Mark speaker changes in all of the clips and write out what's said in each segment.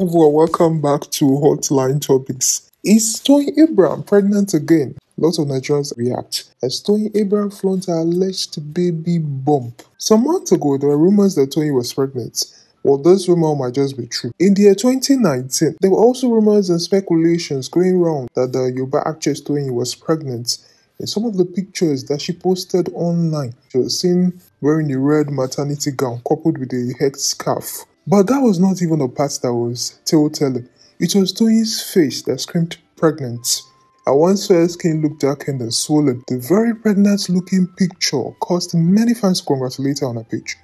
Speaker 1: everyone, welcome back to Hotline Topics. Is Tony Abraham pregnant again? Lots of Nigerians react as Tony Abraham flaunts her alleged baby bump. Some months ago, there were rumors that Tony was pregnant. Well, this rumor might just be true. In the year 2019, there were also rumors and speculations going around that the Yoruba actress Tony was pregnant. In some of the pictures that she posted online, she was seen wearing a red maternity gown coupled with a head scarf. But that was not even the part that was telltale. It was Toyin's face that screamed pregnant. At once her skin looked darkened and swollen. The very pregnant looking picture caused many fans to congratulate her on her page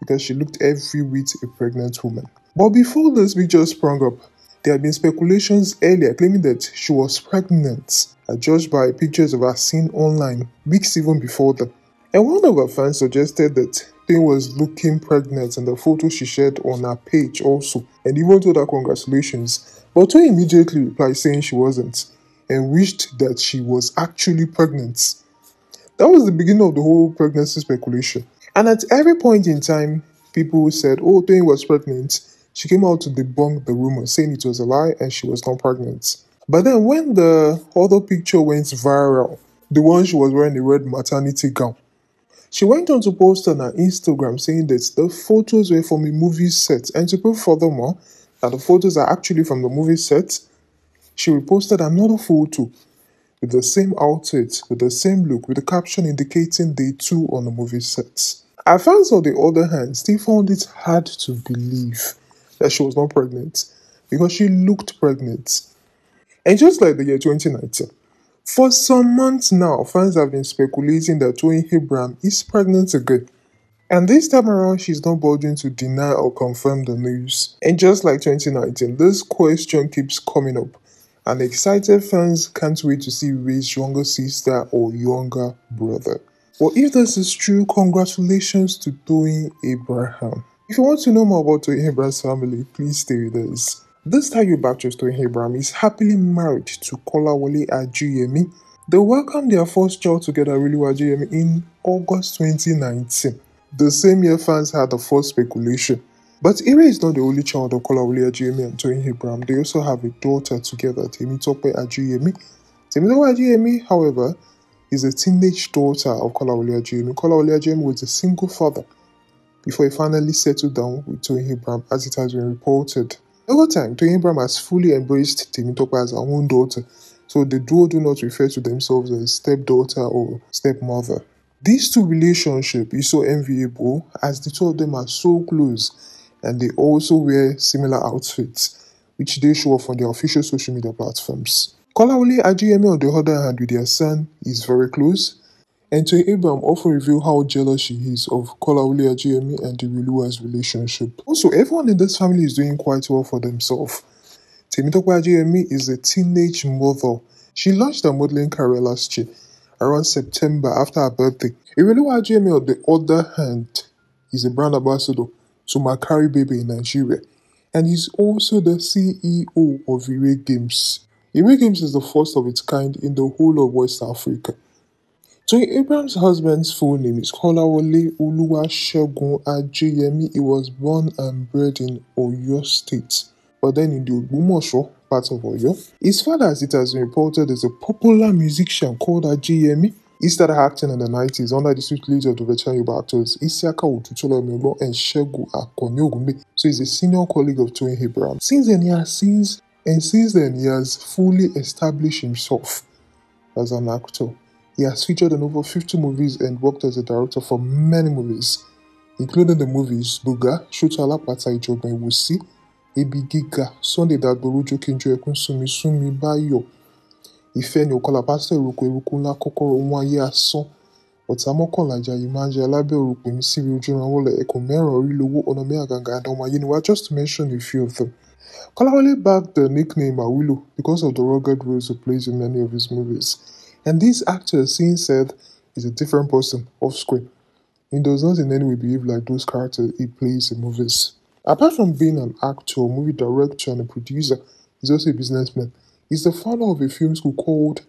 Speaker 1: because she looked every whit a pregnant woman. But before this picture sprung up, there had been speculations earlier claiming that she was pregnant, judged by pictures of her seen online weeks even before that. And one of her fans suggested that thing was looking pregnant and the photo she shared on her page also and even told her congratulations. But Toy immediately replied saying she wasn't and wished that she was actually pregnant. That was the beginning of the whole pregnancy speculation. And at every point in time, people said, oh, Toyin was pregnant. She came out to debunk the rumor, saying it was a lie and she was not pregnant. But then when the other picture went viral, the one she was wearing a red maternity gown, she went on to post on her Instagram saying that the photos were from a movie set and to prove furthermore that the photos are actually from the movie set, she reposted another photo with the same outfit, with the same look, with the caption indicating they too on the movie set. Her fans, on the other hand, still found it hard to believe that she was not pregnant because she looked pregnant. And just like the year 2019, for some months now, fans have been speculating that Toyin Abraham is pregnant again. And this time around, she's not bothering to deny or confirm the news. And just like 2019, this question keeps coming up. And excited fans can't wait to see Ray's younger sister or younger brother. Well, if this is true, congratulations to Toyin Abraham. If you want to know more about Toyin Abraham's family, please stay with us. This Tayo Baptist in Hebram is happily married to Kola Kolawole Ajuyemi. They welcomed their first child together, Riliwa Ajuyemi, in August 2019. The same year, fans had the first speculation. But Ire is not the only child of Kola Kolawole Ajuyemi and Toyin Hebram. They also have a daughter together, Temitope Ajuyemi. Temitope Ajuyemi, however, is a teenage daughter of Kola Kolawole Ajuyemi. Kolawole Ajuyemi was a single father before he finally settled down with Toyin Hebram, as it has been reported. Over time, Toyin has fully embraced Temitope as her own daughter, so the duo do not refer to themselves as stepdaughter or stepmother. These two relationship is so enviable as the two of them are so close and they also wear similar outfits, which they show off on their official social media platforms. Kolawole Ajiyemi on the other hand with their son is very close to Abraham often reveal how jealous she is of Kolawole Ajayemi and the Diriluwa's relationship. Also, everyone in this family is doing quite well for themselves. Temitope Ajayemi is a teenage mother. She launched her modeling career last year, around September after her birthday. Iriluwa Ajayemi, on the other hand, is a brand ambassador to Makari Baby in Nigeria, and he's also the CEO of Ire Games. Ire Games is the first of its kind in the whole of West Africa. So Abraham's husband's full name is Kolawole Oluwasegun Ajayemi. He was born and bred in Oyo State, but then in the Ogbomoso part of Oyo. His father, as it has been reported, is a popular musician called Ajayemi. He started acting in the 90s under the sweet of the veteran Yoruba actors Isiaka Otutola and Shegu Akoni So he's a senior colleague of Twain Abraham. Since then, he has since and since then he has fully established himself as an actor. He has featured in over 50 movies and worked as a director for many movies, including the movies Buga, Shutala Pata Ijoba Iwusi, Ebi Giga, Sunday Dagboro Jokinjo Ekun Sumi Sumi Bayo, Ìfẹ́ ni Ọ̀kọlà Pásítọ̀ Ìrókò Ìrókò Ńlá Kọ́kọ́rọ́ Ohun Ayé Asán, Ọ̀tá Jai Àjàyí máa ń jẹ alábẹ́ òrùpè mi sí ojú ìran wọlé ẹ̀kọ́ just to mention a few of them. Kolawole bagged the nickname Awilo because of the rugged roles he plays in many of his movies. And this actor seen said, is a different person off screen. He does not in any way behave like those characters he plays in movies. Apart from being an actor, movie director, and a producer, he's also a businessman. He's the founder of a film school called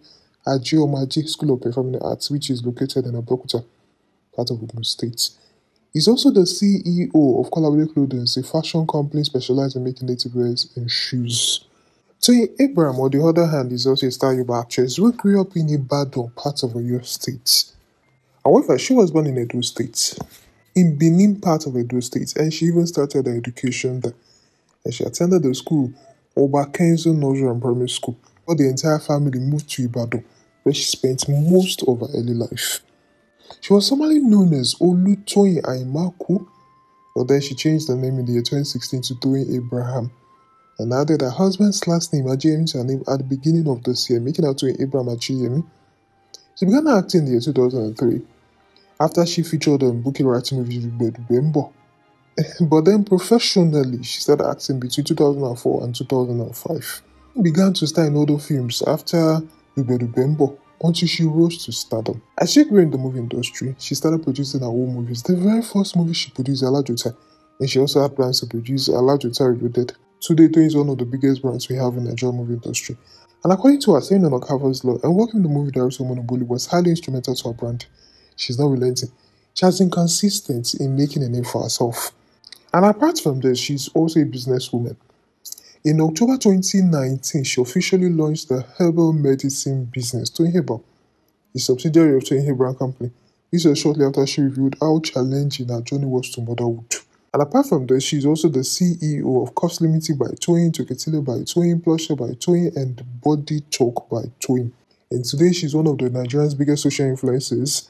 Speaker 1: Ajio Magic School of Performing Arts, which is located in Abeokuta, part of Ogun State. He's also the CEO of Collaborative Clothing, a fashion company specialized in making native wears and shoes. So Abraham, on the other hand, is also a star Yoruba actress who grew up in Ibadan, part of Oyo State. However, she was born in Edo State, in Benin, part of Edo State, and she even started her education there. And she attended the school Oba Kenzo Nigerian Primary School, But the entire family moved to Ibadan, where she spent most of her early life. She was formerly known as Olutoyin Aimaku, but then she changed her name in the year 2016 to Toyin Abraham. And added her husband's last name, James, and at the beginning of this year, making her to Abraham Achiyemi. She began acting in the year 2003 after she featured on Bookie writing movies with Bembo. But then professionally, she started acting between 2004 and 2005. began to star in other films after Rubedu Bembo until she rose to stardom. As she grew in the movie industry, she started producing her own movies. The very first movie she produced, Alajota, and she also had plans to produce Alajota Reloaded. Today, Toy is one of the biggest brands we have in the Nigerian movie industry. And according to her, saying on covers law and working with the movie director Monoboli was highly instrumental to her brand. She's not relenting. She has been consistent in making a name for herself. And apart from this, she's also a businesswoman. In October 2019, she officially launched the herbal medicine business, Twin Herbal, a subsidiary of Twin Herbal Company. This was shortly after she revealed how challenging her journey was to motherhood. And apart from that, she's also the CEO of Cuffs Limited by Toyin, Toketile by Toyin, Plusher by Toyin, and Body Talk by Toyin. And today, she's one of the Nigerian's biggest social influencers.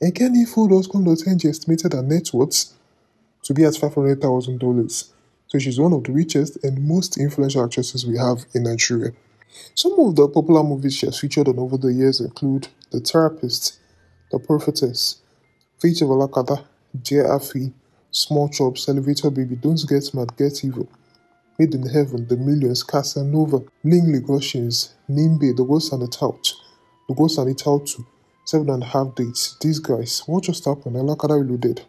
Speaker 1: And KennyFood.com.ng estimated her net worth to be at $500,000. So she's one of the richest and most influential actresses we have in Nigeria. Some of the popular movies she has featured on over the years include The Therapist, The Prophetess, Fate of Alakada, J.R.F.E., Small chops, elevator baby, don't get mad, get evil. Made in heaven, the millions, Casanova, Ling Ligoshians, Nimbe, the ghost and the tout. The ghost and the tout too. Seven and a half dates. These guys, what just happened? Alakada reloaded.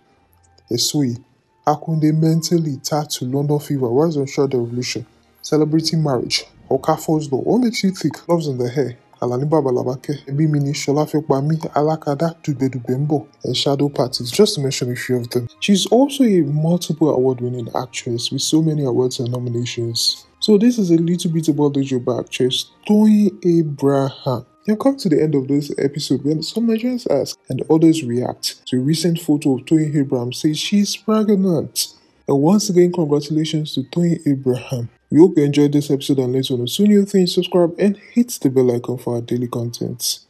Speaker 1: Esui, Akunde mentally tied to London fever, rise on the revolution, celebrating marriage, Okafor's though. What makes you think? Loves in the hair. Alani Baba Labake, Ebi Mini, Shola Fiopami, Alakada, Dubedubembo, and Shadow Parties, just to mention a few of them. She's also a multiple award winning actress with so many awards and nominations. So, this is a little bit about the Yoruba actress Toyin Abraham. Now, come to the end of this episode when some Nigerians ask and others react to a recent photo of Toyin Abraham says she's pregnant. And once again, congratulations to Toyin Abraham. We hope you enjoyed this episode and learned something new. Soon you things, subscribe and hit the bell icon for our daily contents.